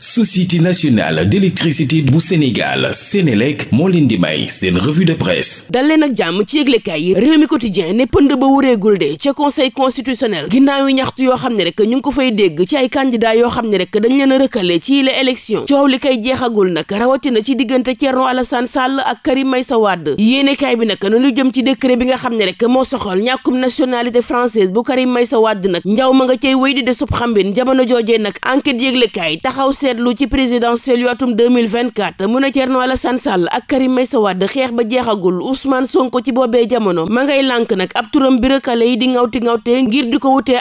société nationale d'électricité bu Sénégal Sénélec moo leen di may seen revue de presse dal leen ak jàmm ci yëglekaay yi réew mi quotidien ne pënd ba wureegul de ca conseil constitutionnel ginnaaw yu ñaxtu yoo xam ne rek ñu ngi ko fay dégg ci ay candidat yoo xam ne rek dañ leen a rëkkale ci yile élection coow li kay jeexagul nag rawatina ci diggante Thierno Alassane Sall ak Karim sa Wade yéenekaay bi nag nu jëm ci décret bi nga xam ne rek moo soxal ñàkkum nationalité française bu Karim Meïssa Wade nag njaw ma nga cay wéy di de sub xambin jamono joojee nag enquête yëglekaay taxaw seetlu ma ngay lànk di ngawti ngawtee ngir di ko wutee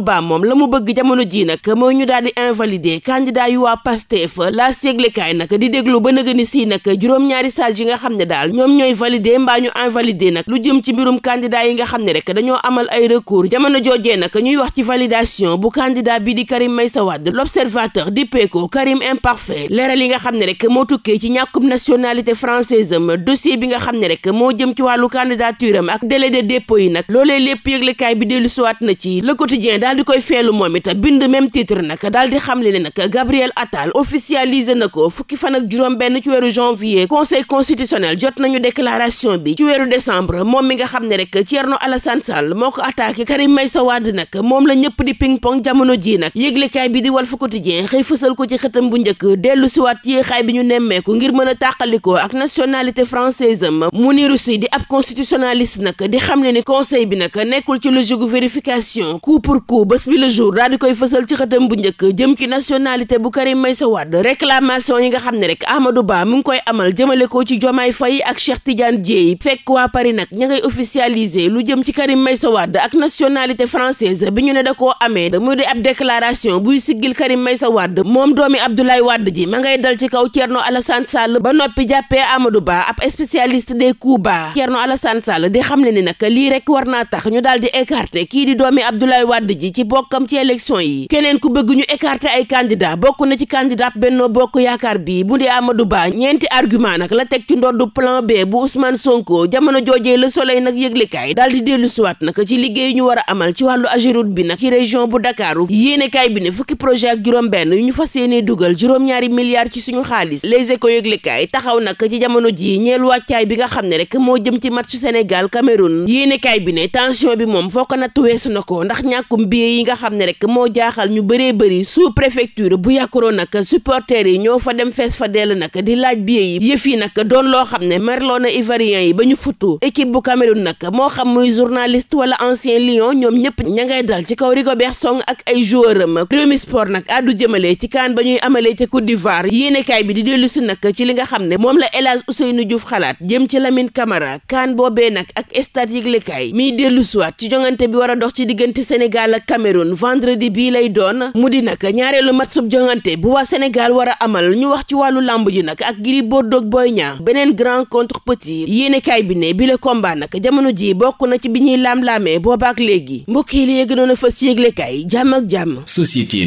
Ba moom la mu bëgg jamono ji nag mooy ñu daal di invalider candidat yu waa Pastef la séglekaay nag di déglu ba nëgëni si nag juróom-ñaari sages yi nga xam ne daal ñoom ñooy valider mbaa ñu invalider nag lu jëm ci mbirum candidat yi nga xam ne rek dañoo amal ay recours jamono joojee nag ñuy wax ci validation bu candidat bi di Karim Meïssa Wade l'observateur dippeekoo Karim Imparfait leeral yi nga xam ne rek moo tukkee ci ñàkkub nationalité française am dossier bi nga xam ne rek moo jëm ci wàllu candidature am ak délai de dépôt yi nag loolee lépp yëglekaay bi dellu siwaat na ci Le Quotidien daal di koy feelu moom it bind même titre nag daal di xamle ne nag Gabriel Attal officialisé na ko fukki fan ak juróom benn ci weeru janvier conseil constitutionnel jot nañu déclaration bi ci weeru décembre moom mi nga xam ne rek Thierno Alassane Sall moo ko attaqué Karim Meïssa Wade nag moom la ñëpp di ping jamono ji nag yëglekaay xëy fësal ko ci xëtam bu njëkk dellu siwaat ci xaay bi ñu nemmeeku ngir mën a tàqalikoo ak nationalité française am mu ni Russie di ab constitutionnaliste nag di xam ne ni conseil bi nag nekkul ci logique vérification coup pour coup bés bi le jour daal di koy fësal ci xëtam bu njëkk jëm ci nationalité bu Karim Meïssa Wade réclamation yi nga xam ne rek Amadou Ba mu ngi koy amal jëmale ko ci Diomaye Faye ak Cheikh Tidiane Dièye fekk waa Paris nag ña ngay officialiser lu jëm ci Karim Meïssa Wade ak nationalité française bi ñu ne da koo amee mu di ab déclaration buy siggil Karim Meïssa Wade moom doomi Abdoulaye Wade ji ma ngay dal ci kaw Thierno Alassane Sall ba noppi jàppee Amadou Ba ab spécialiste des coups bas Thierno Alassane sal di xam ne ni nag lii rek war naa tax ñu daal di écarter kii di doomi Abdoulaye Wade ji ci bokkam ci élection yi keneen ku bëgg ñu écarter ay candidat bokk na ci candidat Benno Bokk Yaakaar bi bu di Amadou Ba ñeenti argument nag la teg ci ndoddu plan B bu Ousmane Sonko jamono joojee Le Soleil nag yëglekaay daal di dellu siwaat nag ci liggéey ñu war a amal ci wàllu Ageroute bi nag ci région bu Dakar yéenekaay bi ne fukki projet ak juróom benn yu ñu fas yéenee dugal juróom-ñaari milliards ci suñu xaalis les éco yëglekaay taxaw nag ci jamono ji ñeel wàccaay bi nga xam ne rek moo jëm ci match Sénégal Cameroun yéenekaay bi ne tension bi moom foo ko natt weesu na ko ndax ñàkkum billet yi nga xam ne rek moo jaaxal ñu bëree bëri sous préfecture bu yàkkuroo nag supporters yi ñoo fa dem fees fa dell nag di laaj billet yi yëf yi nag doon loo xam ne merloo na ivoirien yi ba ñu futtu équipe bu nag moo xam muy journaliste wala ancien lion ñoom ñëpp ña ngay dal foofee ci kaan ba ñuy amalee ca Côte d'Ivoire yéenekaay bi di dellu si nag ci li nga xam ne moom la El Hadj Ousseynou Diouf xalaat jëm ci Lamine Camara kaan boobee nag ak stade yëglekaay miy dellu siwaat ci jongante bi war a dox ci diggante Sénégal ak Cameroun vendredi bii lay doon mu di nag ñaareelu match sub jongante bu waa Sénégal war a amal ñu wax ci wàllu làmb ji nag ak boo Bordeaux Boy Niang beneen grand contre petit yéenekaay bi ne bi le combat nag jamono ji bokk na ci bi ñuy laam-laamee boobaak léegi mbokk yi li yëg a fas yëglekaay jàmm ak jàmm Société